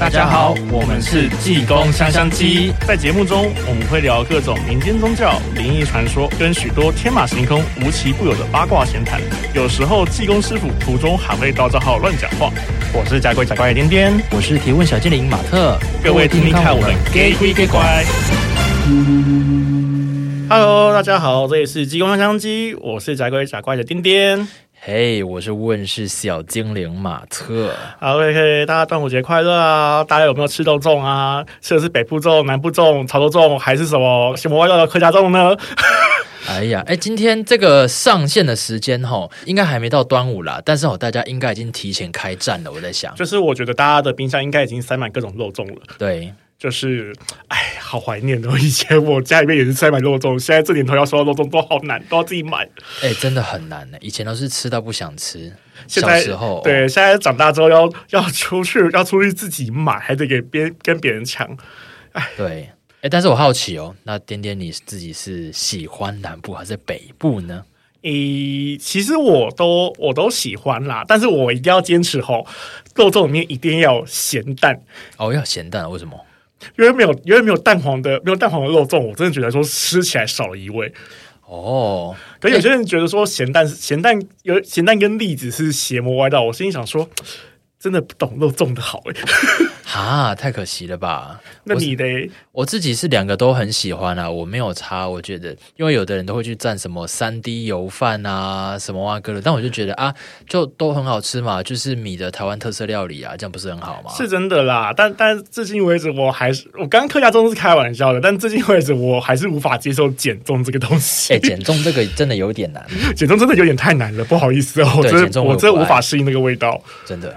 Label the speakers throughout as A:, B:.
A: 大家好，我們是濟公香香雞。在節目中，我們會聊各種民間宗教、靈異傳說，跟許多天馬行空、無奇不有的八卦閒談。有時候，濟公師傅途中還淚，到帳號，亂講話。
B: 我是甲鬼甲怪的顛顛。我是提問小精靈馬特。各位聽聽看，我們
A: 甲鬼甲
B: 怪。Hello，大家好，這裡是濟公香香雞，我是甲鬼甲怪的顛顛。嘿、hey，我是問世小精靈馬特。好、
A: 啊、OK 嘿、嘿，大家端午節快樂啊！大家有沒有吃肉粽啊？吃的是北部粽、南部
B: 粽、潮州粽，還是什麼什麼味道的客家粽呢？ 哎呀，哎，今天這個上線的時間哈、哦，應該還沒到端午啦。但是哦，大家應該已經提前開戰了。我在想，就是
A: 我覺得大家的冰箱應該已經塞滿各種肉粽了。對。就是，哎，好懷念哦！以前我家裡面也是塞滿肉粽，現在這年頭要收到肉粽都好難，都要自己買。
B: 哎、欸，真的很難呢！以前都是吃到不想吃，現在小時候對、
A: 哦，現在長大之後要
B: 要出去，要出去自己買，還得給別跟別人搶。哎，對，哎、欸，但是我好奇哦，那顛顛你自己是喜歡南部還是北部呢？咦、欸，其實我都我都喜歡啦，但是我一定要堅持哦，
A: 肉粽裡面一定要鹹蛋哦，要鹹蛋，為什麼？因為沒有，因為沒有蛋黃的，沒有蛋黃的肉粽，我真的覺得說吃起來少了一味哦。Oh. 可有些人覺得說鹹蛋鹹蛋有鹹蛋跟栗子是邪魔歪道，我心裡想說真的不懂肉粽的好誒、欸
B: 啊，太可惜了吧？那你的我，我自己是兩個都很喜歡啊，我沒有差。我覺得，因為有的人都會去蘸什麼三 D 油飯啊，什麼蛙、啊、各的，但我就覺得啊，就都很好吃嘛，就是米的台灣特色料理啊，這樣不是很好嗎？是真的啦，但但至今為止，我還是我剛剛客家粽是開
A: 玩笑的，但至今為止，我還是無法接受鹼粽這個東西。哎、 欸，鹼粽這個真的有點難，鹼 粽真的有點太難了，不好意思哦、喔，鹼粽。我真的無法適應那個味道，真的。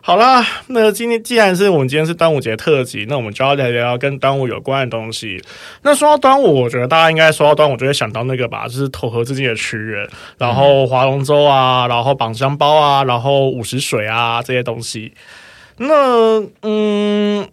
A: 好啦，那今天既然是我。我們今天是端午節特輯，那我們就要聊聊跟端午有關的東西。那說到端午，我覺得大家應該說到端午就會想到那個吧，就是投河自盡的屈原，然後划龍舟啊、嗯，然後綁香包啊，然後午時水啊這些東西。那嗯，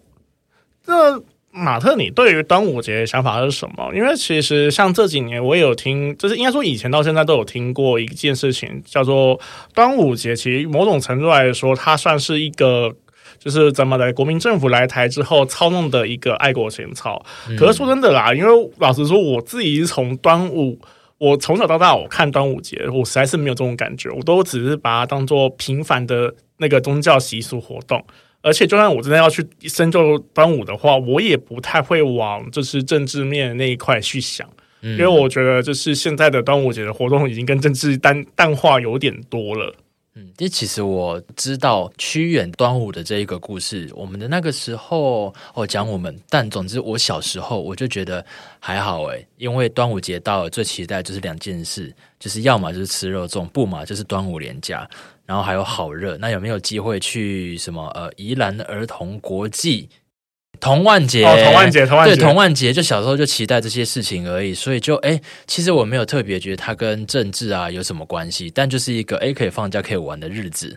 A: 那馬特，你對於端午節的想法是什麼？因為其實像這幾年，我也有聽，就是應該說以前到現在都有聽過一件事情，叫做端午節。其實某種程度來說，它算是一個。就是怎麼來國民政府來台之後操弄的一個愛國情操。可是說真的啦，因為老實說，我自己從端午，我從小到大我看端午節，我實在是沒有這種感覺，我都只是把它當做平凡的那個宗教習俗活動。而且，就算我真的要去深究端午的話，我也不太會往就是政治面那一塊去想，因為我覺得就是現在的端午節的活動已
B: 經跟政治淡淡化有點多了。嗯，這其實我知道屈原端午的這一個故事，我們的那個時候哦講我們，但總之我小時候我就覺得還好誒，因為端午節到了，最期待就是兩件事，就是要麼就是吃肉粽，不嘛就是端午連假，然後還有好熱。那有沒有機會去什麼呃宜蘭兒童國際？童玩節，哦，童玩節，童玩節，對，童玩節，就小時候就期待這些事情而已，所以就，哎、欸，其實我沒有特別覺得他跟政治啊有什麼關係，但就是一個，哎、欸，可以放假可以玩的日子。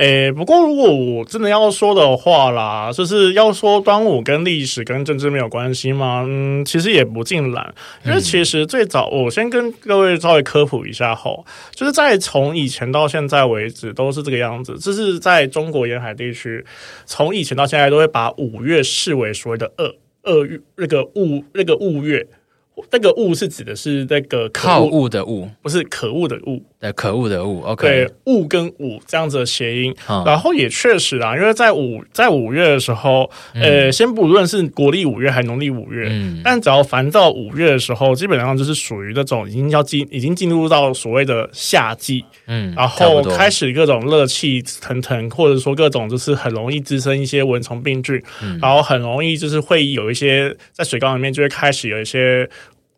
B: 誒、欸，不過如果我真的要說的話啦，就是要說端午跟歷史跟政治沒有關
A: 係嗎？嗯，其實也不盡然，因為其實最早我先跟各位稍微科普一下吼，就是在從以前到現在為止都是這個樣子，就是在中國沿海地區，從以前到現在都會把五月視為所謂的惡惡月，那個惡那個惡月。那個“惡”是指的是那個可惡
B: 的“惡”，不是可惡的“惡”。對，可惡的“惡”。OK，對，“
A: 惡”跟“五”這樣子的諧音、哦。然後也確實啊，因為在五在五月的時候，嗯、呃，先不論是國歷五月還是農曆五月、嗯，但只要翻到五月的時候，基本上就是屬於那種已經要進，已經進入到所謂的夏季，嗯，然後開始各種熱氣騰騰，或者說各種就是很容易滋生一些蚊蟲病菌、嗯，然後很容易就是會有一些在水缸裡面就會開始有一些。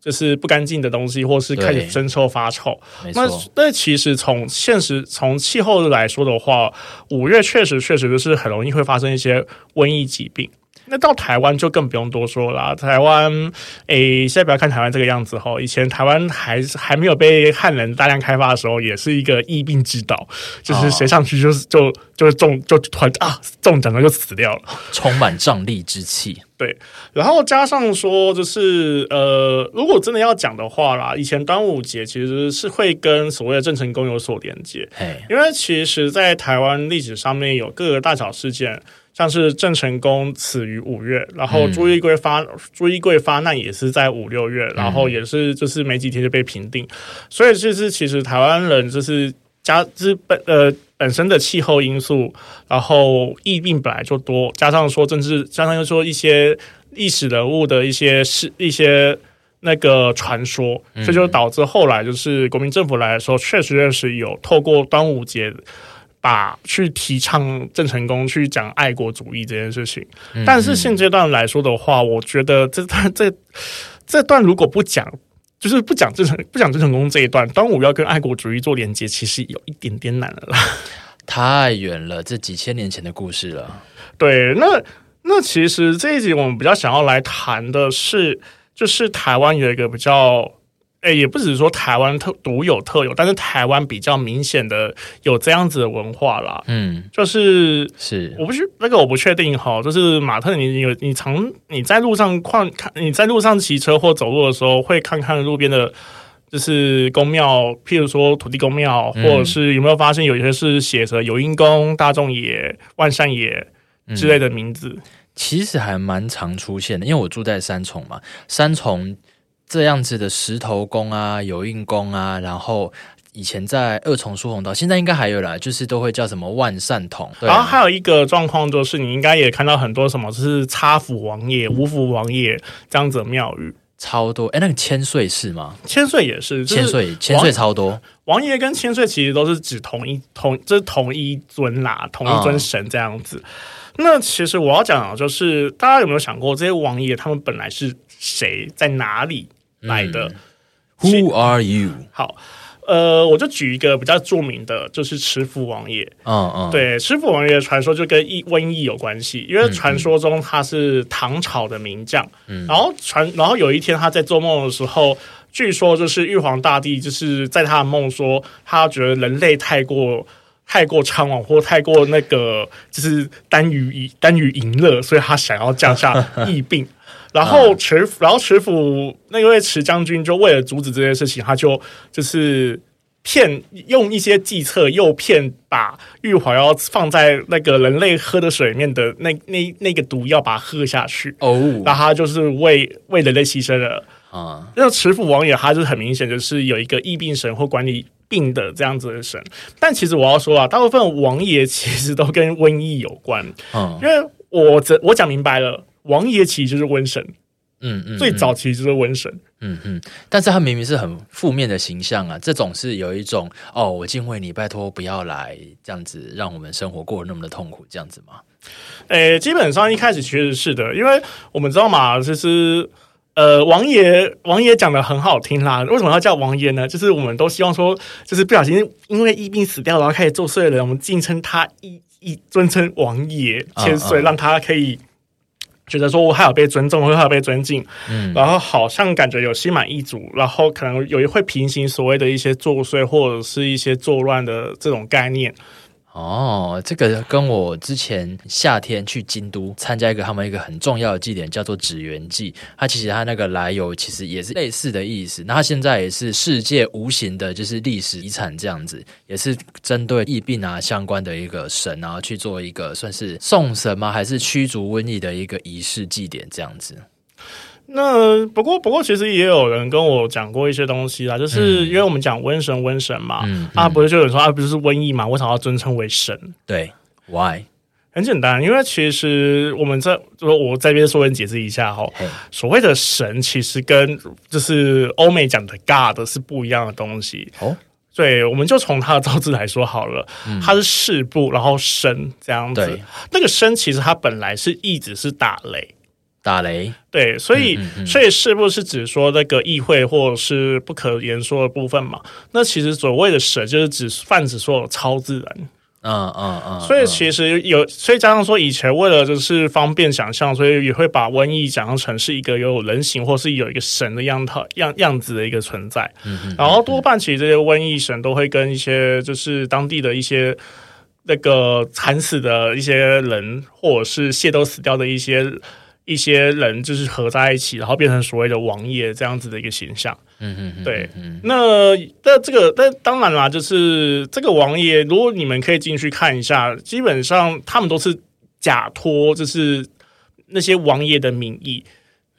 A: 就是不乾淨的東西，或是開始生臭發臭。那那其實從現實、從氣候來說的話，五月確實、確實就是很容易會發生一些瘟疫疾病。那到台灣就更不用多說了、啊。台灣，誒、欸，現在不要看台灣這個樣子哈。以前台灣還還沒有被漢人大量開發的時候，也是一個疫病之島，就是誰上去就是就就中就
B: 團啊中獎了，就死掉了，充滿瘴癘之氣。
A: 對，然後加上說就是呃，如果真的要講的話啦，以前端午節其實是會跟所謂的鄭成功有所連接。嘿。因為其實在台灣歷史上面有各個大小事件。像是鄭成功死於五月，然後朱一貴發、嗯、朱一貴發難也是在五六月，然後也是就是沒幾天就被平定，所以就是其實台灣人就是加之本呃本身的氣候因素，然後疫病本來就多，加上說政治，相當於說一些歷史人物的一些事，一些那個傳說，所以就導致後來就是國民政府來的時候確實認識有透過端午節。把去提倡鄭成功去講愛國主義這件事情，嗯嗯，但是現階段來說的話，我覺得這段這這段如果不講，就是不講鄭成不講鄭成功這一段，端午要跟愛國主義做連接，其實有一點點難了啦，太遠了，這幾千年前的故事了。對，那那其實這一集我們比較想要來談的是，就是台灣有一個比較欸、也不只是說台灣特獨有特有，但是台灣比較明顯的有這樣子的文化啦。嗯，就是是我不確那個我不確定哈，就是馬特你，你有你常你在路上逛看，你在路上騎車或走路的時候，會看看路邊的，就是宮廟，譬如說土地公廟、嗯，或者是有沒有發現有些是寫着有應公、大眾爺、
B: 萬善爺之類的名字？嗯、其實還蠻常出現的，因為我住在三重嘛，三重。這樣子的石頭公啊，有應公啊，然後以前在二重疏洪道，現在應該還有啦，就是都會叫什麼萬善同。啊、然後還有一個狀況就是，你應該也看到很多什麼，就是池府王爺、五府王爺、這樣子廟宇超多。哎、欸，那個千歲是嗎？
A: 千歲也是，就是、千歲千歲超多。王爺跟千歲其實都是指同一同，這、就是同一尊啦，同一尊神這樣子。嗯、那其實我要講的就是，大家有沒有想過這些王爺他們本來是誰，在哪裡？來的、嗯、
B: ，Who are you？
A: 好，呃，我就舉一個比較著名的，就是池府王爺。嗯、哦、
B: 嗯、哦，對，
A: 池府王爺的傳說就跟疫瘟疫有關係，因為傳說中他是唐朝的名將。嗯，然後傳，然後有一天他在做夢的時候，嗯、據說就是玉皇大帝就是在他的夢說，他覺得人類太過太過猖狂，或太過那個就是耽於耽於淫樂，所以他想要降下疫病。 然後池，uh, 然後池府那位池將軍就為了阻止這件事情，他就就是騙用一些計策，誘騙把玉華要放在那個人類喝的水裡面的那那那，那個毒藥，把它喝下去。哦，那他就是為為人類犧牲了啊。那、uh, 池府王爺他就是很明顯就是有一個疫病神或管理病的這樣子的神，但其實我要說啊，大部分王爺其實都跟瘟疫有關。嗯、uh.，因為我這我講明白了。王爺其實就是瘟神。嗯
B: 嗯，嗯，最早其實就是瘟神，嗯嗯，但是他明明是很負面的形象啊，這種是有一種哦，我敬畏你，拜託不要來這樣子，讓我們生活過那麼的痛苦，這樣子嗎？誒、欸，基本上一開始確實是的，因為我們知道嘛，就是
A: 呃，王爺王爺講的很好聽啦，為什麼要叫王爺呢？就是我們都希望說，就是不小心因為疫病死掉了，然後開始作祟了，我們敬稱他一一尊稱王爺千歲，嗯嗯，讓他可以覺得說，我還有被尊重，我還有被尊敬，嗯，然後好像感覺有心滿意足，然後可能有一會平行所謂的一些作
B: 祟或者是一些作亂的這種概念。哦，這個跟我之前夏天去京都參加一個他們一個很重要的祭典，叫做祇園祭。它其實它那個來由其實也是類似的意思。那它現在也是世界無形的就是歷史遺產這樣子，也是針對疫病啊相關的一個神啊去做一個算是送神嗎？還是驅逐瘟疫的一個儀式祭典這樣子。
A: 那不過，不過其實也有人跟我講過一些東西啦、啊，就是因為我們講瘟神瘟神嘛，嗯嗯、啊，不是就有說啊，不是,是瘟疫嘛，為什麼要尊稱為神？
B: 對，Why？
A: 很簡單，因為其實我們在就我在這邊稍微解釋一下吼，hey. 所謂的神其實跟就是歐美講的 God 是不一樣的東西。哦、oh?，對，我們就從它的造字來說好了，它、嗯、是示部，然後神這樣子，那個神其實它本來是一直是打雷。打雷對，所以、嗯嗯嗯、所以是不是指說那個議會或者是不可言說的部分嘛？那其實所謂的神就是指泛指說超自然，嗯嗯
B: 嗯，所
A: 以其實有，所以加上說以前為了就是方便想象，所以也會把瘟疫想象成是一個有人形或是有一個神的樣態樣樣子的一個存在、嗯嗯。然後多半其實這些瘟疫神都會跟一些就是當地的一些那個慘死的一些人或者是械鬥死掉的一些。一些人就是合在一起，然後變成所謂的王爺這樣子的一個形象。嗯嗯，對。那那這個那當然啦，就是這個王爺，如果你們可以進去看一下，基本上他們都是假托，就是那些王爺的名義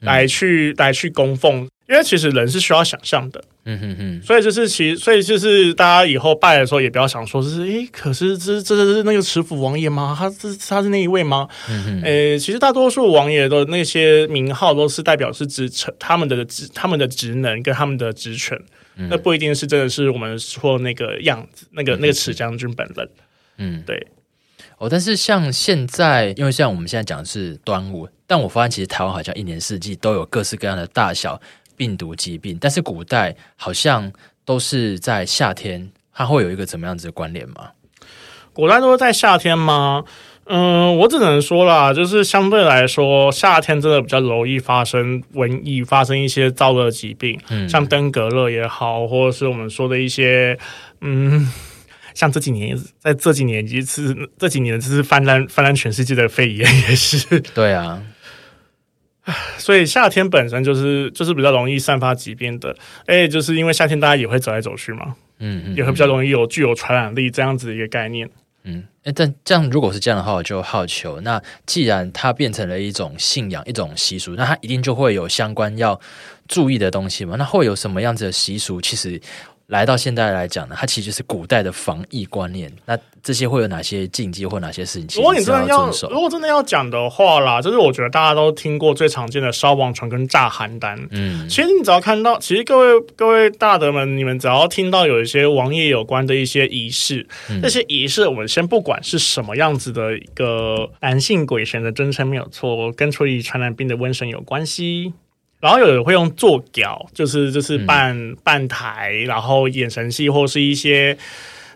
A: 來去、嗯、來去供奉。因為其實人是需要想象的，嗯哼
B: 哼，
A: 所以就是其，所以就是大家以後拜的時候，也不要想說，就是誒，可是這這是那個池府王爺嗎？他是他是那一位嗎？嗯哼，誒、欸，其實大多數王爺的那些名號都是代表是職他們的職他們的職能跟他們的職權，嗯、那不一定是真的是我們說那個樣子，那個、嗯、哼哼那個池將軍本人，嗯，
B: 對，哦，但是像現在，因為像我們現在講的是端午，但我發現其實台灣好像一年四季都有各式各樣的大小。病毒疾病，但是古代好像都是在夏天，它會有一個怎麼樣子的關聯嗎？古代都是在夏天嗎？
A: 嗯，我只能說啦，就是相對來說，夏天真的比較容易發生瘟疫，瘟疫發生一些燥熱疾病，嗯、像登革熱也好，或者是我們說的一些，嗯，像這幾年，在這幾年其實，這幾年就是泛濫，泛濫全世界的肺炎也是，對啊。所以夏天本身就是就是比較容易散發疾病的，誒、欸，就是因為夏天大家也會走來走去嘛，嗯，
B: 嗯也會比較容易有、嗯、具有傳染力這樣子的一個概念，嗯，誒、欸，但這樣如果是這樣的話，我就好奇，那既然它變成了一種信仰、一種習俗，那它一定就會有相關要注意的東西嘛？那會有什麼樣子的習俗？其實，來到現在來講呢，它其實是古代的防疫觀念。那這些會有哪些禁忌或哪些事情？如果你真的要，
A: 如果真的要講的話啦，就是我覺得大家都聽過最常見的燒王船跟炸寒單。嗯，其實你只要看到，其實各位各位大德們，你們只要聽到有一些王爺有關的一些儀式，嗯、這些儀式我們先不管是什麼樣子的一個男性鬼神的真身沒有錯，跟處理傳染病的瘟神有關係。然後有人會用做醮，就是就是扮扮、嗯、台，然後演神戲，或是一些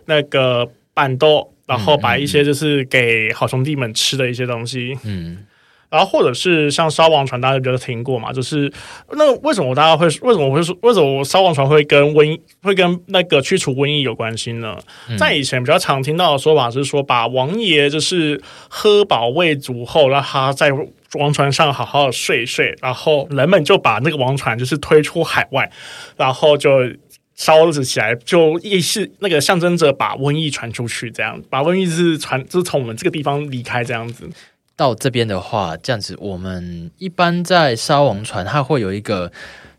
A: 那個扮斗，然後把一些就是給好兄弟們吃的一些東西。嗯嗯嗯嗯然後，或者是像燒王船，大家比較聽過嘛？就是那為什麼大家會，為什麼會說為什麼燒王船會跟瘟會跟那個驅除瘟疫有關係呢？嗯。在以前比較常聽到的說法是說，把王爺就是喝飽餵足後，讓他在王船上好好睡一睡，然後人們就把那個王船就是推出海外，然後就燒了起來，就
B: 意是那個象徵着把瘟疫傳出去，這樣把瘟疫就是傳就是從我們這個地方離開這樣子。到這邊的話，這樣子，我們一般在燒王船，它會有一個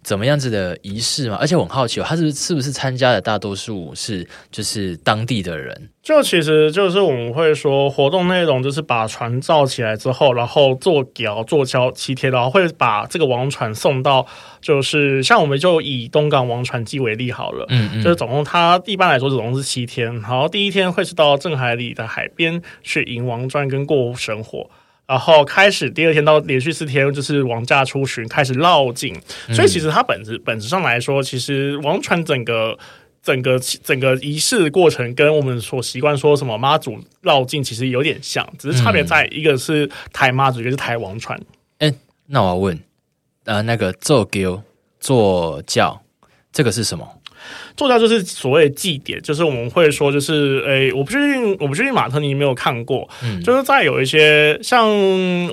B: 怎麼樣子的儀式嘛？而且我很好奇、哦，他是，是是不是參加的大多數是就是當地的人？
A: 就其實就是我們會說活動內容就是把船造起來之後，然後坐轎坐轎七天，然後會把這個王船送到，就是像我們就以東港王船祭為例好了，嗯嗯，就是總共它一般來說總共是七天，然後第一天會是到鎮海里的海邊去迎王船跟過生活，然後開始第二天到連續四天，就是王駕出巡開始繞境，所以其實它本質、嗯、本質上來說，其實王船整個整個整個儀式的過程跟我們所習慣說什麼媽祖繞境其實有點像，只是差別在一個是抬媽祖，嗯、一個是抬王船。
B: 嗯，那我要問，呃，那個坐轎坐轎，這個是什麼？
A: 做醮就是所謂的祭典，就是我們會說，就是誒、欸，我不確定，我不確定馬特尼有沒有看過，嗯、就是在有一些像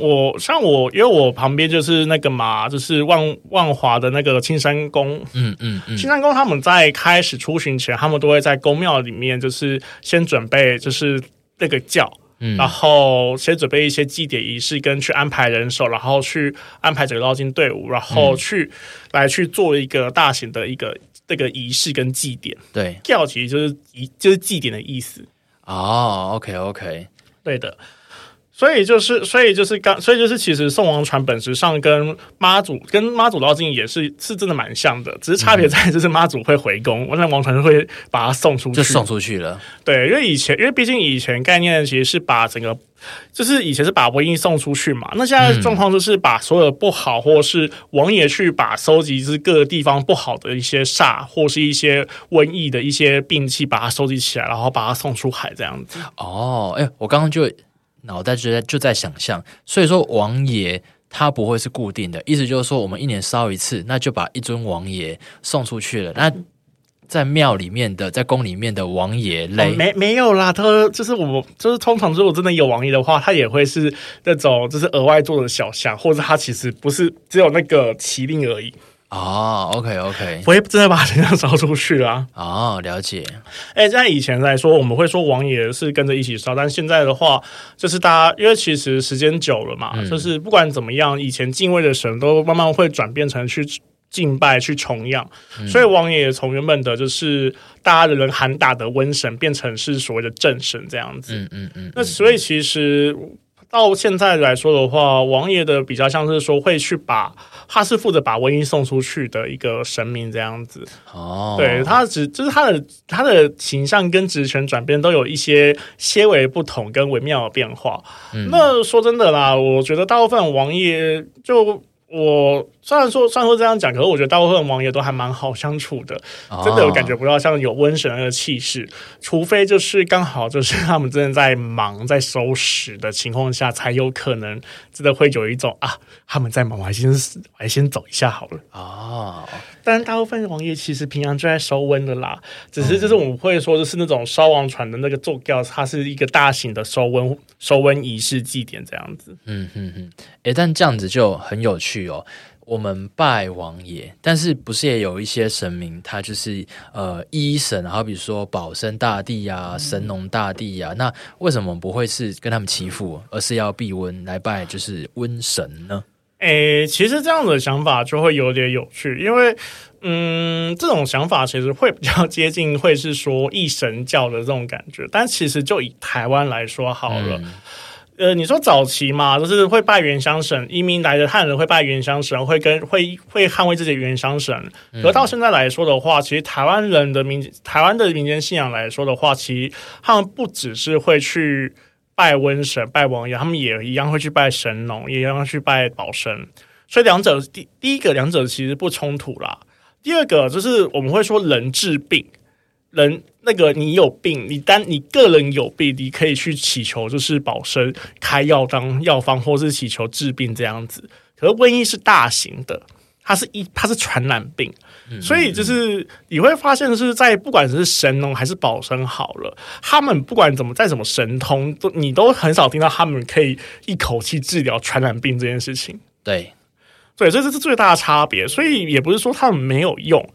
A: 我，像我，因為我旁邊就是那個嘛，就是萬萬華的那個青山宮，嗯嗯，嗯，青山宮他們在開始出巡前，他們都會在宮廟裡面，就是先準備，就是那個轎、嗯，然後先準備一些祭典儀式，跟去安排人手，然後去安排整個繞境隊伍，然後去、嗯、來去做一個大型的一個。這個儀式跟祭典，對，叫其實就是儀，就是祭典的意思。
B: 哦、oh，OK，OK，okay, okay.
A: 對的。所以就是，所以就是剛，所以就是，其實送王船本質上跟媽祖跟媽祖繞境也是是真的蠻像的，只是差別在就是媽祖會回宮，那、嗯、王船會把它送出去，就送出去了。對，因為以前，因為畢竟以前概念其實是把整個，就是以前是把瘟疫送出去嘛。那現在狀況就是把所有不好，嗯、或是王爺去把收集就是各個地方不好的一些煞，或是一些瘟疫的一些病
B: 氣，把它收集起來，然後把它送出海這樣子。哦，哎，我剛剛就。然後再覺得就在想象所以說王爺他不會是固定的，意思就是說我們一年燒一次，那就把一尊王爺送出去了。那在廟裡面的，在宮裡面的王爺勒？哦，沒
A: 沒有啦，他就是我就是通常如果真的有王爺的話，他也會是那種就是額外做的小像，或者他其實不是只有那個麒麟而已。哦、oh,，OK OK，不會真的把神像燒出去啊？哦、oh,，了解。哎、欸，在以前來說，我們會說王爺是跟着一起燒，但現在的話，就是大家因為其實時間久了嘛、嗯，就是不管怎麼樣，以前敬畏的神都慢慢會轉變成去敬拜、去崇仰，嗯，所以王爺從原本的就是大家的人喊打的瘟神，變成是所謂的正神這樣子。嗯嗯嗯，嗯。那所以其實。到現在來說的話，王爺的比較像是說會去把，他是負責把瘟疫送出去的一個神明這樣子、哦、
B: 對，他
A: 只就是他的他的形象跟職權轉變都有一些些微不同跟微妙的變化。嗯、那說真的啦，我覺得大部分王爺就。我雖然說雖然說這樣講，可是我覺得大部分王爺都還蠻好相處的，oh. 真的我感覺不到像有瘟神那個氣勢。除非就是剛好就是他們真的在忙在收拾的情況下，才有可能真的會有一種啊，他們在忙，我還先我還先走一下好了啊。Oh. 但大部分的王爺其實平常就在收瘟的啦，只是就是我們會說就是那種燒王船的那個做醮，oh. 它是一個大型的收瘟收瘟儀式
B: 祭典這樣子。嗯嗯嗯，哎、嗯，但這樣子就很有趣。有我們拜王爺，但是不是也有一些神明？他就是呃醫神，好比如說保生大帝呀、神農大帝呀。那為什麼不會是跟他們祈福，而是要避瘟來拜？就是瘟神呢？誒，其實這樣子的想法就會
A: 有點有趣，因為嗯，這種想法其實會比較接近，會是說一神教的這種感覺。但其實就以台灣來說好了。嗯呃，你說早期嘛，就是會拜原鄉神，移民來的漢人會拜原鄉神，會跟會會捍衛自己的原鄉神、嗯。而到現在來說的話，其實台灣人的民台灣的民間信仰來說的話，其實他們不只是會去拜瘟神、拜王爺，他們也一樣會去拜神農，也一樣去拜保生。所以兩者第第一個兩者其實不衝突啦。第二個就是我們會說人治病，人。那個你有病，你單你個人有病，你可以去祈求，就是保生開藥當藥方，或是祈求治病這樣子。可是瘟疫是大型的，它是一它是傳染病，所以就是你會發現，是在不管是神農、喔、還是保生好了，他們不管怎麼再怎麼神通，都你都很少聽到他們可以一口氣治療傳染病這件事情。
B: 對，對，
A: 所以這是是最大的差別。所以也不是說他們沒有用，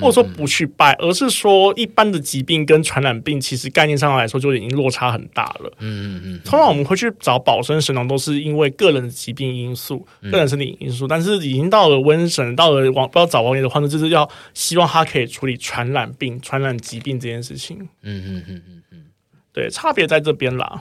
A: 或者說不去拜嗯，嗯，而是說一般的疾病跟傳染病，其實概念上來說就已經落差很大了。嗯嗯嗯，通常我們會去找保生神農，都是因為個人的疾病因素、嗯、個人身體因素，但是已經到了瘟神，到了王，不要找王爺的話呢，就是要希望他可以處理傳染病、傳染疾病這件
B: 事情。嗯嗯嗯嗯嗯，對，差別在這邊啦。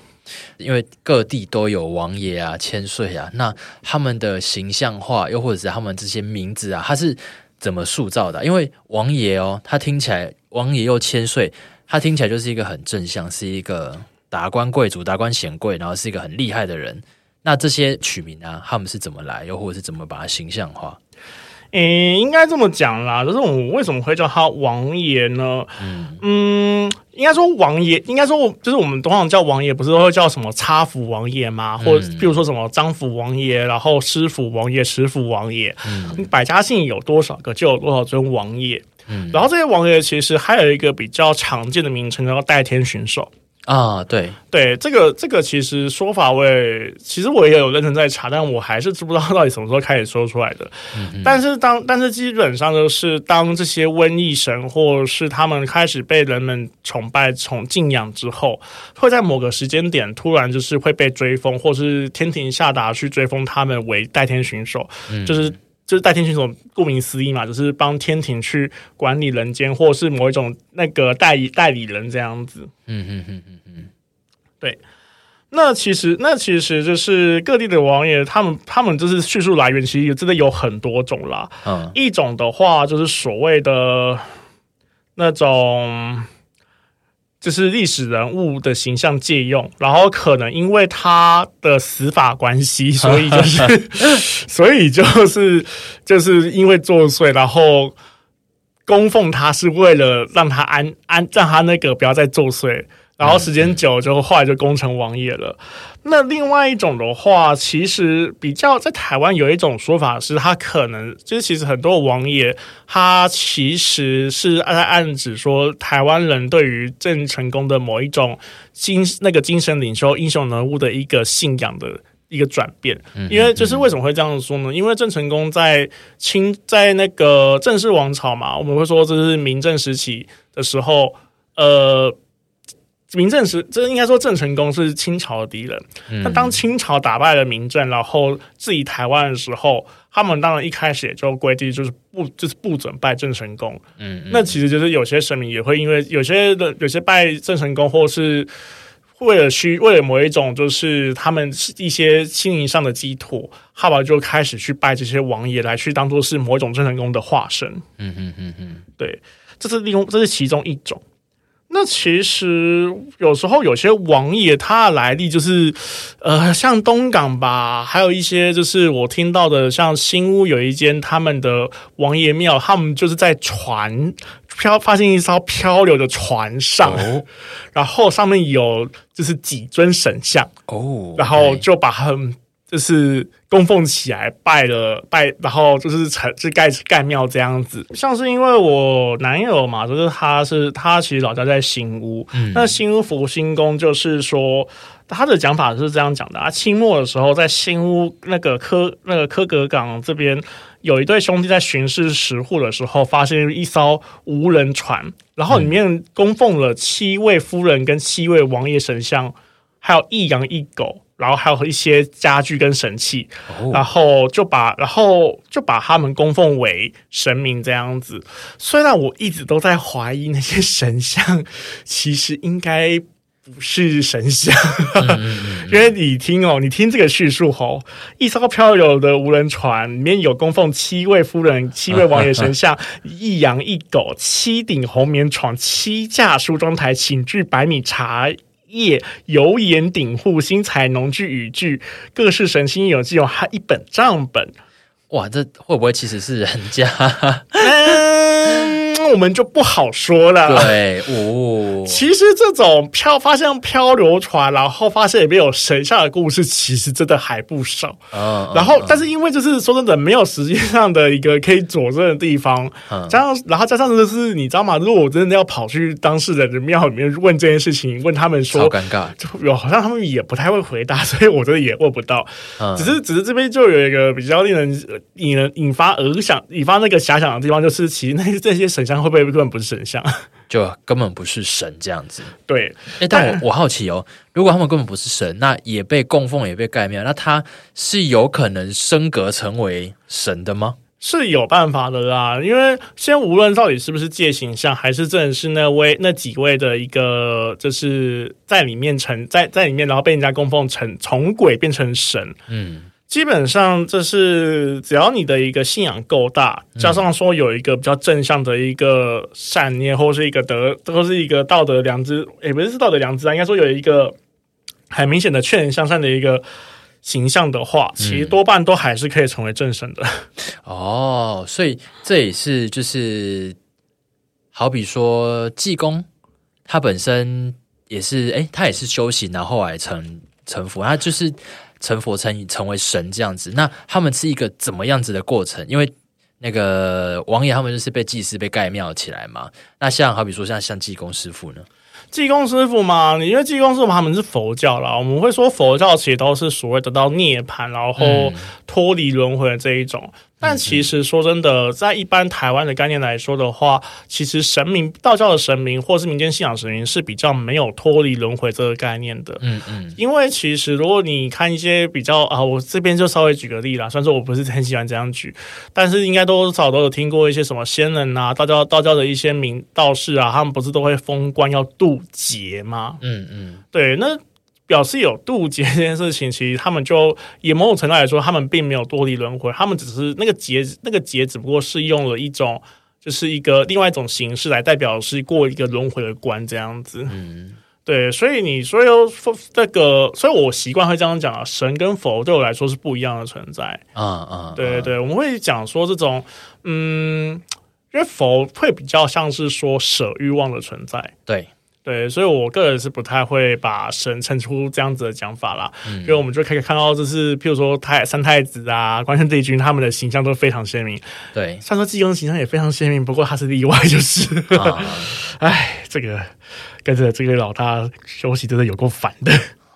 B: 因為各地都有王爺啊、千歲啊，那他們的形象化，又或者是他們這些名字啊，他是。怎麼塑造的？因為王爺哦，他聽起來王爺又千歲，他聽起來就是一個很正向，是一個達官貴族、達官顯貴，然後是一個很厲害的人。那這些取名啊，他們是怎麼來？又或者是怎麼把他形象化？誒、欸，應該這麼講啦，就是我為什麼會叫他王爺呢？嗯，嗯
A: 應該說王爺，應該說就是我們通常叫王爺，不是說叫什麼差府王爺嗎？嗯、或比如說什麼張府王爺，然後師府王爺、石府王爺、嗯，百家姓有多少個就有多少尊王爺、嗯。然後這些王爺其實還有一個比較常見的名稱，叫做代天巡狩。啊、哦，對對，這個這個其實說法我也，其實我也有認真在查，但我還是知不知道到底什麼時候開始說出來的。嗯嗯，但是當但是基本上就是當這些瘟疫神或是他們開始被人們崇拜、崇敬仰之後，會在某個時間點突然就是會被追封，或是天庭下達去追封他們為代天巡狩，嗯、就是。就是代天巡狩顧名思義嘛，就是幫天庭去管理人間，或者是某一種那個代理代理人這樣子。嗯嗯嗯嗯嗯，對。那其實那其實就是各地的王爺，他們他們就是敘述來源，其實真的有很多種啦。嗯，一種的話就是所謂的那種。就是歷史人物的形象借用，然後可能因為他的死法關係，所以就是， 所以就是，就是因為作祟，然後供奉他是為了讓他安安，讓他那個不要再作祟。然後時間久了就、就、嗯、後來就功成王爺了。那另外一種的話，其實比較在台灣有一種說法是，他可能就是其實很多王爺，他其實是暗暗指說，台灣人對於鄭成功的某一種精那個精神領袖、英雄人物的一個信仰的一個轉變。嗯、因為就是為什麼會這樣子說呢？嗯、因為鄭成功在清在那個鄭氏王朝嘛，我們會說這是明鄭時期的時候，呃。明鄭時，這應該說鄭成功是清朝的敵人。嗯嗯，那當清朝打敗了明鄭然後治理台灣的時候，他們當然一開始也就規定，就是不，就是不准拜鄭成功。嗯，嗯，那其實就是有些神明也會因為有些的，有些拜鄭成功，或是為了去為了某一種，就是他們一些心靈上的寄託，他們就開始去拜這些王爺來去當做是某一種鄭成功的化身。嗯嗯
B: 嗯
A: 嗯，對，這是利用，這是其中一種。那其實有時候有些王爺他的來歷就是，呃，像東港吧，還有一些就是我聽到的，像新屋有一間他們的王爺廟，他們就是在船漂發現一艘漂流的船上，然後上面有就是幾尊神像哦，然後就把他們。就是供奉起來，拜了拜，然後就是成就蓋蓋廟這樣子。像是因為我男友嘛，就是他是他其實老家在新屋，嗯、那新屋福興宮就是說他的講法是這樣講的啊，他清末的時候在新屋那個科那個科格港這邊有一對兄弟在巡視石滬的時候，發現一艘無人船，然後裡面供奉了七位夫人跟七位王爺神像，還有一羊一狗。然後還有一些家具跟神器，oh. 然後就把，然後就把他們供奉為神明這樣子。雖然我一直都在懷疑那些神像，其實應該不是神像。 mm -hmm. 因為你聽哦，你聽這個敘述哦，一艘漂流的無人船，裡面有供奉七位夫人、七位王爺神像， 一羊一狗，七頂紅棉床，七架梳妝台，寢具百米茶。夜油鹽鼎戶新材農具漁具，各式神仙應有盡有，還一本賬本，哇，這會不會其實是人家？ 那我們就不好說了對。對哦，其實這種漂發現漂流船，然後發現裡面有神像的故事，其實真的還不少啊、嗯。然後、嗯，但是因為就是說真的，沒有時間上的一個可以佐證的地方，嗯、加上然後加上就是你知道嗎？如果我真的要跑去當事人的廟裡面問這件事情，問他們說，好尷尬，就有好像他們也不太會回答，所以我真的也問不到。嗯、只是只是這邊就有一個比較令人引引發遐想、引
B: 發那個遐想的地方，就是其實那這些神像。然後會不會根本不是神像， 就根本不是神這樣子。對，欸、但我我好奇哦？ 如果他們根本不是神，那也被供奉，也被蓋廟，那他是有可能升格成為神的嗎？是有辦
A: 法的啦，因為先無論到底是不是借形象，還是真的是那位那幾位的一個，就是在裡面成在在裡面，然後被人家供奉成從鬼變成神，嗯。基本上這是只要你的一個信仰夠大，加上說有一個比較正向的一個善念，或是一個德，或是一個道德良知，也不是，是道德良知啊，應該說有一個很明顯的勸人向善的一個形象的話，
B: 其實多半都還是可以成為正神的。哦，所以這也是就是，好比說濟公，他本身也是，哎，他也是修行，然後，後來成成佛，他就是。成佛成成為神這樣子，那他們是一個怎麼樣子的過程？因為那個王爺他們就是被祭司被蓋廟起來嘛。那像好比說像像濟公師父呢？
A: 濟公師父嘛，因為濟公師父他們是佛教啦，我們會說佛教其實都是所謂得到涅槃，然後脫離輪迴的這一種。嗯。但其實說真的，在一般台灣的概念來說的話，其實神明、道教的神明，或是民間信仰神明，是比較沒有脫離輪迴這個概念的。嗯嗯。因為其實如果你看一些比較啊，我這邊就稍微舉個例啦，雖然說我不是很喜歡這樣舉，但是應該多少都有聽過一些什麼仙人啊，道教道教的一些名道士啊，他們不是都會封官要渡劫嗎？嗯嗯。對，那。表示有渡劫這件事情，其實他們就以某種程度來說，他們並沒有脫離輪迴，他們只是那個劫，那個劫只不過是用了一種，就是一個另外一種形式來代表是過一個輪迴的關這樣子。嗯，對，所以你說這個，所以我習慣會這樣講啊，神跟佛對我來說是不一樣的存在。啊、嗯、
B: 啊，嗯、對，
A: 對對，我們會講說這種，嗯，因為佛會比較像是說捨欲望的存在，對。對，所以我個人是不太會把神稱出這樣子的講法啦。嗯，因為我們就可以看到，就是譬如說太三太子啊、關聖帝君他們的形象都非常鮮明。對，雖然說濟公的形象也非常鮮明，不過他是例外，就是，
B: 哎、哦， 這個跟着這位老大休息真的有夠煩的。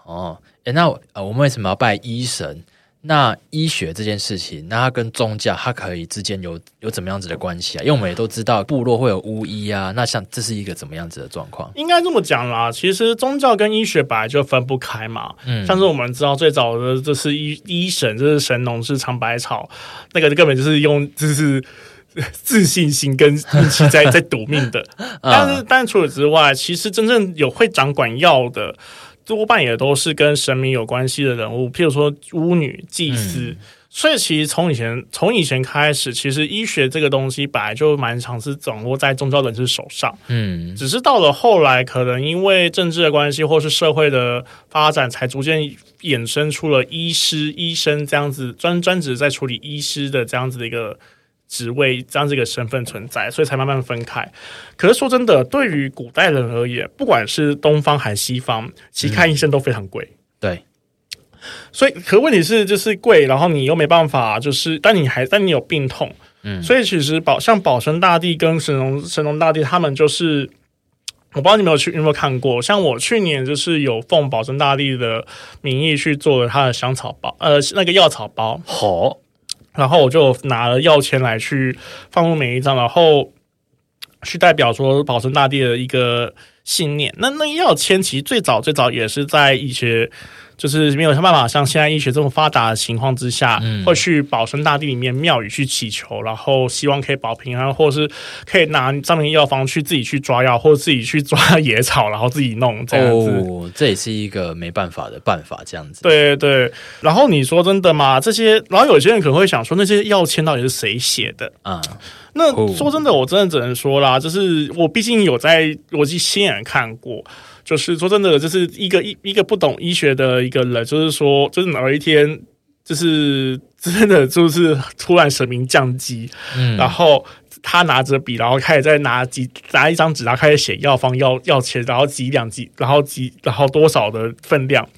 B: 哦，哎，那我，我們為什麼要拜醫神？那醫學這件事情，那它跟宗教，它可以之間有有怎麼樣子的關係啊？因為我們也都知道，部落會有巫醫啊。那像這是一個怎麼樣子的狀況？應
A: 該這麼講啦，其實宗教跟醫學本來就分不開嘛。嗯，像是我們知道最早的就是醫醫神就是神農氏嘗百草，那個根本就是用就是自信心跟運氣在 在賭命的。但是、嗯、但是除此之外，其實真正有會掌管藥的。多半也都是跟神明有關係的人物，譬如說巫女、祭司，嗯、所以其實從以前從以前開始，其實醫學這個東西本來就蠻常是掌握在宗教人士手上，嗯，只是到了後來，可能因為政治的關係或是社會的發展，才逐漸衍生出了醫師、醫生這樣子專專職在處理醫師的這樣子的一個。只為這樣這個身份存在，所以才慢慢分開。可是說真的，對於古代人而言，不管是東方還是西方，嗯，其實看醫生都非常貴。對，所以可問題是就是貴，然後你又沒辦法，就是但你還但你有病痛，嗯，所以其實保，像保生大帝跟神農神農大帝，他們就是我不知道你有沒有去有沒有看過，像我去年就是有奉保生大帝的名義去做了他的香草包，呃，那個藥草包好。然後我就拿了藥籤來去放入每一張，然後去代表說保生大帝的一個信念。那那藥籤其實最早最早也是在一些。就是沒有想辦法，像現在醫學這麼發達的情況之下，嗯，會去保生大帝裡面廟宇去祈求，然後希望可以保平安，或者是可以拿上面藥方去自己去抓藥，或者自己去抓野
B: 草，然後自己弄這樣子、哦。這也是一個沒辦法的辦法，這樣
A: 子。對對。然後你說真的嗎？這些，然後有些人可能會想說，那些藥籤到底是誰寫的啊、嗯？那說真的，我真的只能說啦，就是我畢竟有在邏輯新眼看過。就是說真的，就是一個一一個不懂醫學的一個人，就是說，就是某一天，就是真的，就是突然神明降乩、嗯，然後他拿着筆，然後開始在拿幾拿一張紙，然後開始寫藥方，要藥籤，然後幾兩幾，然後幾然，然後多少的分量，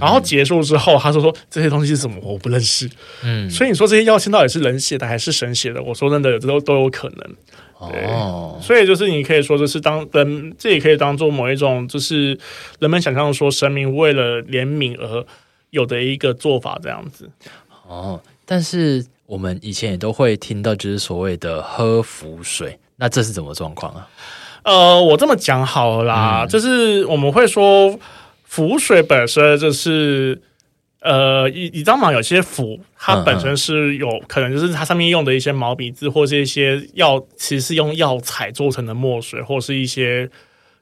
A: 然後結束之後，他說說這些東西是什麼，我不認識，嗯、所以你說這些藥籤到底是人寫的還是神寫的？我說真的，這都都有可能。哦，所以就是你可以說，這是當人，這也可以當做某一種，就是人們想象說神明為了憐憫而有的一個做法這樣子。
B: 哦，但是我們以前也都會聽到，就是所謂的喝符水，那這是怎麼狀況啊？呃，我這麼講好啦、嗯，
A: 就是我們會說符水本身就是。呃，以你，你知道嗎？有些符，它本身是有可能就是它上面用的一些毛筆字，或是一些藥，其實是用藥材做成的墨水，或是一些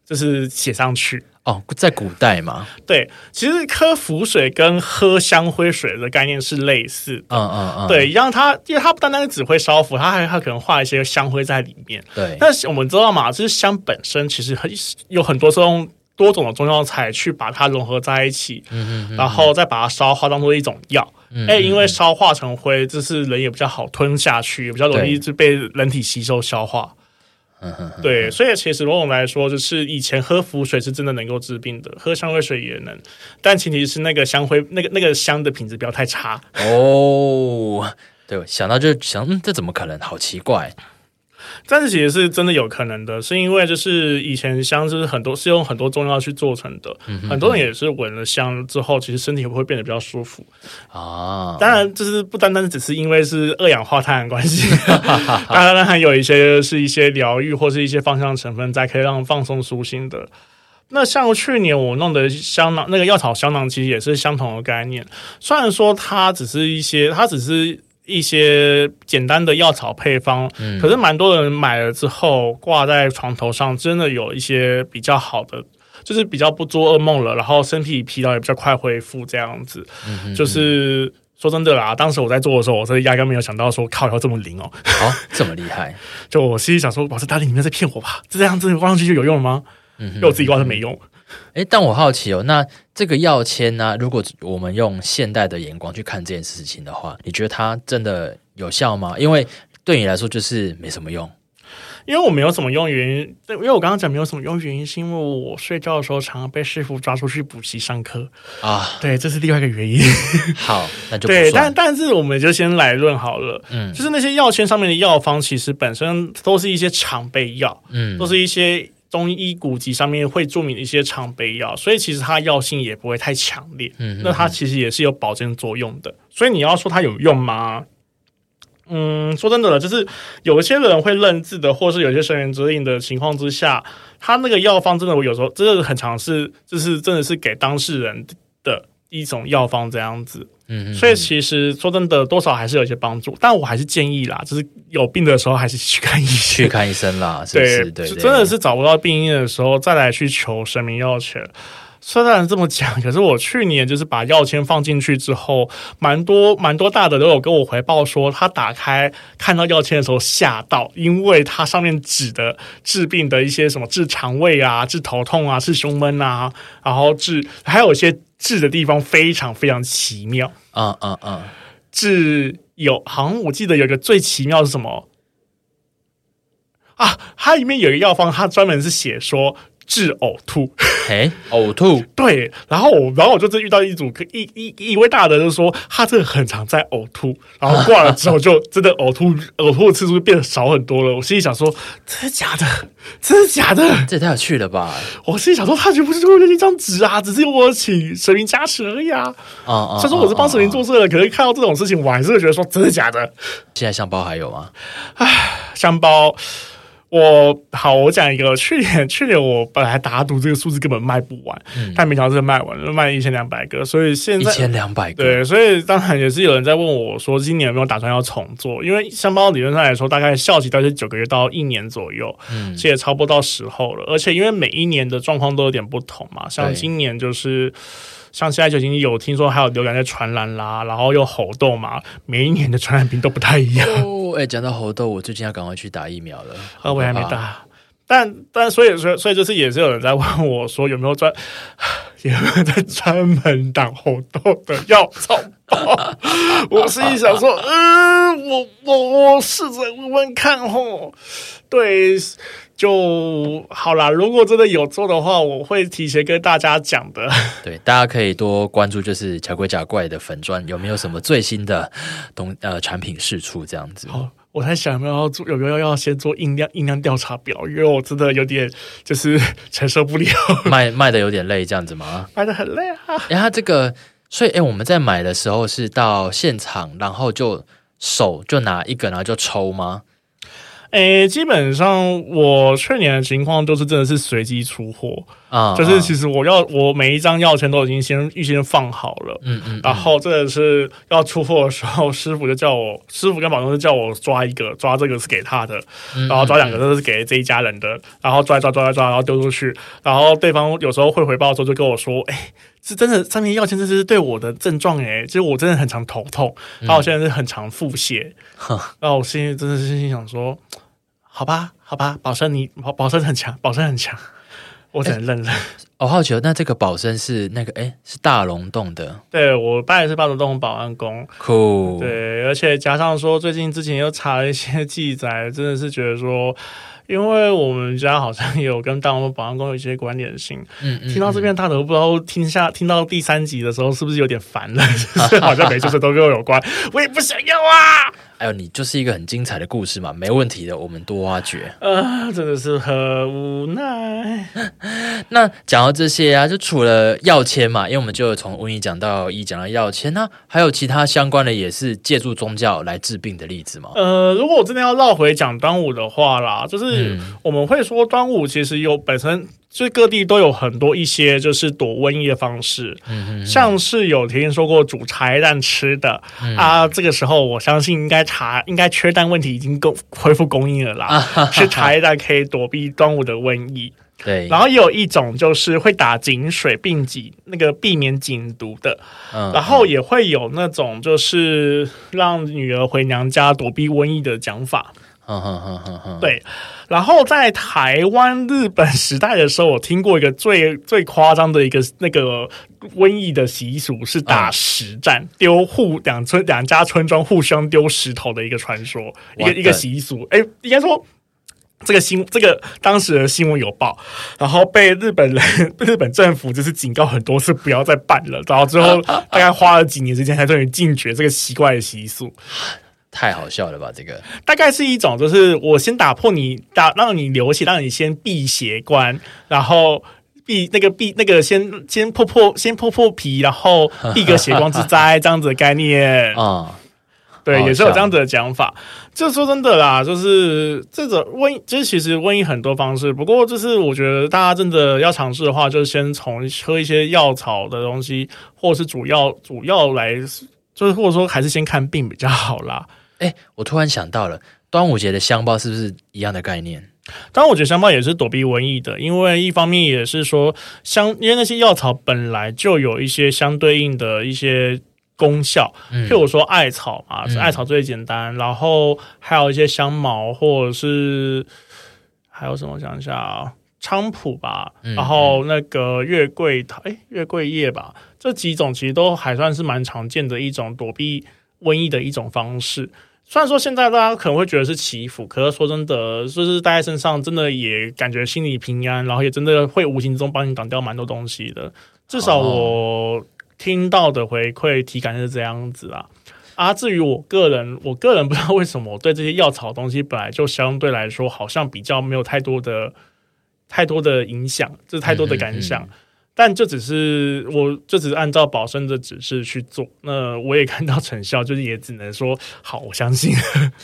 A: 就是寫上去
B: 哦，在古代
A: 嘛，對，其實喝符水跟喝香灰水的概念是類似的，嗯嗯
B: 嗯，對，
A: 讓它因為它不單單只會燒符，它還它可能畫一些香灰在裡面，對。但是我們知道嘛，就是香本身其實很有很多這種。多種的中藥材去把它融合在一起，嗯，嗯，嗯，然後再把它燒化，當做一種藥。誒、嗯嗯欸，因為燒化成灰，就是人也比較好吞下去，嗯、也比較容易就被人體吸收消化。嗯哼、嗯嗯，對。所以其實我們來說，就是以前喝符水是真的能夠治病的，喝香灰水也能，但前提是那個香灰那個那個香的品質不要太
B: 差。哦，對，想到就想，嗯，這怎麼可能？好奇怪。
A: 但是其實是真的有可能的，是因為就是以前香就是很多是用很多中藥去做成的，嗯哼哼，很多人也是聞了香之後，其實身體會不會變得比較舒服
B: 啊？
A: 當然，就是不單單只是因為是二氧化碳的關係， 當然還有一些是一些療癒或是一些芳香成分在，可以讓放鬆舒心的。那像去年我弄的香囊，那個藥草香囊其實也是相同的概念，雖然說它只是一些，它只是。一些簡單的藥草配方，嗯、可是蠻多人買了之後掛在床頭上，真的有一些比較好的，就是比較不做噩夢了，然後身體疲勞也比較快恢復這樣子。嗯、就是、嗯嗯、說真的啦，當時我在做的時候，我是壓根沒有想到說靠，要這麼靈、喔、哦，啊，這麼厲
B: 害！ 就我心裡想說，老師、大力，你們在騙我吧，這樣子掛上去就有用了嗎？嗯，因為我自己掛是沒用。嗯嗯誒，但我好奇哦，那這個藥籤呢、啊？如果我們用現代的眼光去看這件事情的話，你覺得它真的有效嗎？因為對你來說就是沒什麼用，因為我沒有什麼用原因，因為我剛剛講沒有什麼用原因，是因為我
A: 睡覺的時候常常被師父抓出去補習上課啊。對，這是另外一個原因。
B: 好，那就不對，但
A: 但是我們就先來論好了。嗯，就是那些藥籤上面的藥方，其實本身都是一些常備藥，嗯，都是一些。中醫古籍上面會注明一些常備藥，所以其實它藥性也不會太強烈。嗯，嗯，嗯，那它其實也是有保健作用的。所以你要說它有用嗎？嗯，說真的了，就是有一些人會認字的，或是有些生源指引的情況之下，他那個藥方真的，我有時候真的很嘗試，就是真的是給當事人的一種藥方這樣子。嗯，嗯、所以其實說真的，多少還是有一些幫助，嗯，但我還是建議啦，就是有病的時候還
B: 是去看醫生，去看醫生啦。是是對，對，對對，真的
A: 是找不到病因的時候，再來去求神明藥籤。雖然這麼講，可是我去年就是把藥籤放進去之後，蠻多蠻多大的都有跟我回報說，他打開看到藥籤的時候嚇到，因為它上面指的治病的一些什麼治腸胃啊、治頭痛啊、治胸悶啊，然後治還有一些治的地方非常非常奇妙啊
B: 啊啊！Uh, uh, uh.
A: 治有好像我記得有個最奇妙是什麼啊？它裡面有一個藥方，它專門是寫說。治嘔吐嘿，嘔吐， 對，然後我，然後我就是遇到一組一，一，一，一位大德就說，他這個很常在嘔吐，然後掛了之後，就真的嘔吐， 嘔吐的次數變得少很多了。我心裡想說，真的假的？真的假的？這，的這也太有趣了吧！我心裡想說，他絕不就是因為一張紙啊，只是我請神明加持而已啊！啊、嗯，所、嗯、以說我是幫神明做事的。嗯、可是看到這種事情、嗯，我還是會覺得說，真的假的？現在香包還有嗎？哎，香包。我好，我講一個，去年，去年我本來打賭這個數字根本賣不完，嗯、但沒想到這個賣完，賣一千兩百個，所以現在一千兩百個，對，所以當然也是有人在問我說，今年有沒有打算要重做？因為香包理論上來說，大概效期大概是九個月到一年左右，這、嗯、也差不多到時候了，而且因為每一年的狀況都有點不同嘛，像今年就是。像現在就已經有聽說還有流感在傳染啦，然後又猴痘嘛，每一年的傳染病都不太一樣。
B: 哎、哦，講、欸、到猴痘，我最近要趕快去打疫苗了。啊、哦，我還沒打。但但所以所以，所以就是也是有人在問我
A: 說有沒有專有沒有專門打猴痘的藥草包？ 我是一想說，嗯，我我我試着問問看吼，對。就好啦，如果真的有做的話，我會提前跟大家講的。
B: 對，大家可以多關注，就是甲鬼甲怪的粉專有沒有什麼最新的東呃產品試出這樣子。哦，
A: 我在想要不要做，有沒
B: 有要先做印量印量調查表？因為我真的有點就是承受不了，賣賣的有點累這樣子嗎？賣的很累啊。然後這個，所以誒，我們在買的時候是到現場，然後就手就拿一個，然後就抽嗎？誒、欸，基本上我去年的情況就是真的是隨機出貨。啊、uh, uh.，就是
A: 其實我要我每一張藥籤都已經先預先放好了，嗯嗯，然後這是要出貨的時候，師傅就叫我師傅跟保生就叫我抓一個抓這個是給他的，嗯、然後抓兩個這是給這一家人的，嗯、然後抓抓抓抓抓，然後丟出去，然後對方有時候會回報的時候就跟我說，哎、嗯，是真的上面藥籤這是對我的症狀誒、欸。其實我真的很常頭痛，嗯、然後我現在是很常腹瀉，
B: 那、
A: 嗯、我現在真的是心想說， 好吧好吧，保生你保生很強，保生很強。我只能認了、
B: 欸。 哦，好奇、哦，那這個保生是那個誒、欸、是大龍峒的。
A: 對，我爸也是大龍峒保安宮。
B: 酷。對，
A: 而且加上說，最近之前又查了一些記載，真的是覺得說，因為我們家好像也有跟大龍峒保安宮有一些關聯性。嗯
B: 嗯,嗯。聽到這邊大頭，不知道聽下聽到第三集的時候，是不是有點煩了？就 是 好像每件事都跟我有關，
A: 我也不想要啊。
B: 哎呦，你就是一個很精彩的故事嘛，沒問題的，我們多挖掘。啊、呃、真
A: 的是很無
B: 奈。 那講到這些啊，就除了藥籤嘛，因為我們就有從瘟疫講到醫講到藥籤，那還有其他相關的也是借助宗教來治病的例子嘛？
A: 呃，如果我真的要繞回講端午的話啦，就是我們會說端午其實有本身。嗯所以各地都有很多一些就是躲瘟疫的方式，嗯、像是有聽說過煮茶葉蛋吃的、嗯、啊。這個時候，我相信應該茶應該缺蛋問題已經夠恢復供應了啦，吃、啊、茶葉蛋可以躲避端午的瘟疫。
B: 對，
A: 然後有一種就是會打井水病，并擠那個避免井毒的。嗯，嗯，然後也會有那種就是讓女兒回娘家躲避瘟疫的講法。嗯哼哼哼哼，對。然後在台灣日本時代的時候，我聽過一個最最誇張的一個那個瘟疫的習俗是打石戰、嗯，丟互兩村兩家村莊互相丟石頭的一個傳說，What，一個一個習俗。哎， 應該說這個新這個當時的新聞有報，然後被日本人日本政府就是警告很多次不要再辦了，然後之後大概花了幾年時間才終於禁絕這個奇怪的習俗。太好笑了吧！這個大概是一種，就是我先打破你打，讓你流血，讓你先避邪關，然後避那個避那個先先破破先破破皮，然後避個血光之災 這樣子的概念啊、嗯。對、哦，也是有這樣子的講法。哦、就說真的啦，就是這種瘟疫，就是其實瘟疫很多方式。不過就是我覺得大家真的要嘗試的話，就是先從喝一些藥草的東西，或是主要主要來，
B: 就是或者說還是先看病比較好啦。哎，我突然想到了端午節的香包是不是一樣的概念？端午節香包也是躲避瘟疫的，因為一方面也是說
A: 像因為那些藥草本來就有一些相對應的一些功效，嗯、譬如說艾草啊，是艾、嗯、草最簡單、嗯，然後還有一些香茅，或者是還有什麼？我想一下啊，菖蒲吧、嗯，然後那個月桂，哎，月桂葉吧，這幾種其實都還算是蠻常見的一種躲避瘟疫的一種方式。雖然說現在大家可能會覺得是祈福，可是說真的，就是戴在身上，真的也感覺心裡平安，然後也真的會無形之中幫你擋掉蠻多東西的。至少我聽到的回饋體感是這樣子啊、哦。啊，至於我個人，我個人不知道為什麼我對這些藥草東西本來就相對來說好像比較沒有太多的太多的影響，這、就是、太多的感想。嗯嗯嗯但這只是我，就只是按照保生的指示去做。那我也看到成效，就是也只能說好，我相信。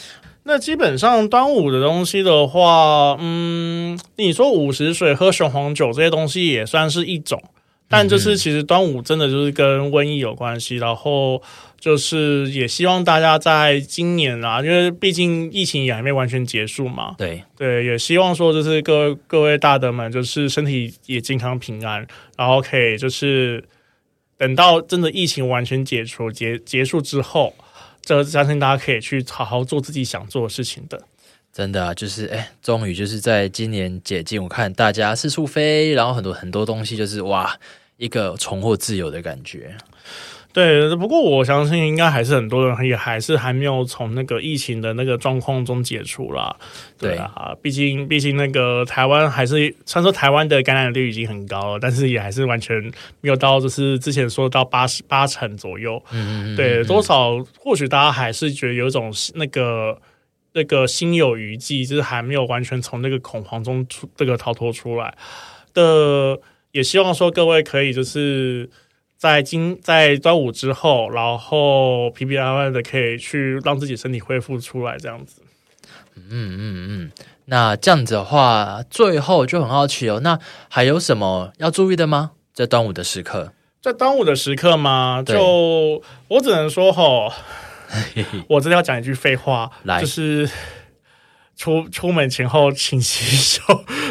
A: 那基本上端午的東西的話，嗯，你說午時水喝雄黃酒這些東西也算是一種。但就是其實端午真的就是跟瘟疫有關係，嗯，然後就是也希望大家在今年啊，因為畢竟疫情也還沒完全結束嘛。對對，也希望說就是各位各位大德們，就是身體也健康平安，然後可以就是等到真的疫情完全解除，結，結束之後，
B: 這相信大家可以去好好做自己想做的事情的。真的啊，就是哎，終於就是在今年解禁，我看大家四處飛，然後很多很多東西就是哇，一個重獲自由的感覺。對，不過我相信
A: 應該還是很多人也還是還沒有從那個疫情的那個狀況中解除啦。對啊，對畢竟畢竟那個台灣還是，雖然說台灣的感染率已經很高了，但是也還是完全沒有到就是之前說到八十八成左右。嗯對嗯，多少或許大家還是覺得有一種那個。那、這個心有餘悸，就是還沒有完全從那個恐慌中出，這個逃脫出來的，也希望說各位可以就是在，在今在端午之後，然後平平安安的可以去讓自己身體恢復出來，這樣子。
B: 嗯嗯嗯，那這樣子的話，最後就很好奇哦，那還有什麼要注意的嗎？在端午的時刻，在端午的時刻嗎？就
A: 我只能說吼。 我真的要講一句廢話，就是出出門前後勤洗手，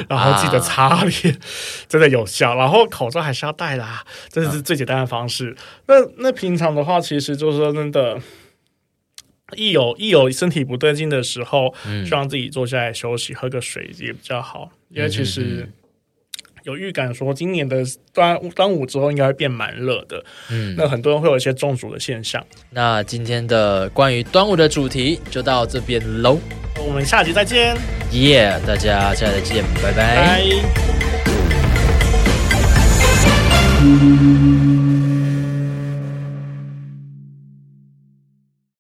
A: 然後記得擦臉，啊，真的有效。然後口罩還是要戴的，這是最簡單的方式。啊、那那平常的話，其實就是說真的，一有一有身體不對勁的時候，就、嗯、讓自己坐下來休息，喝個水也比較好，因為其實。嗯嗯嗯有預感說，今年的
B: 端端午之後應該會變蠻熱的，嗯，那很多人會有一些中暑的現象。那今天的關於端午的主題就到這邊嘍，我們下期再見，耶，yeah！大家下期再見，拜拜。Bye。嗯。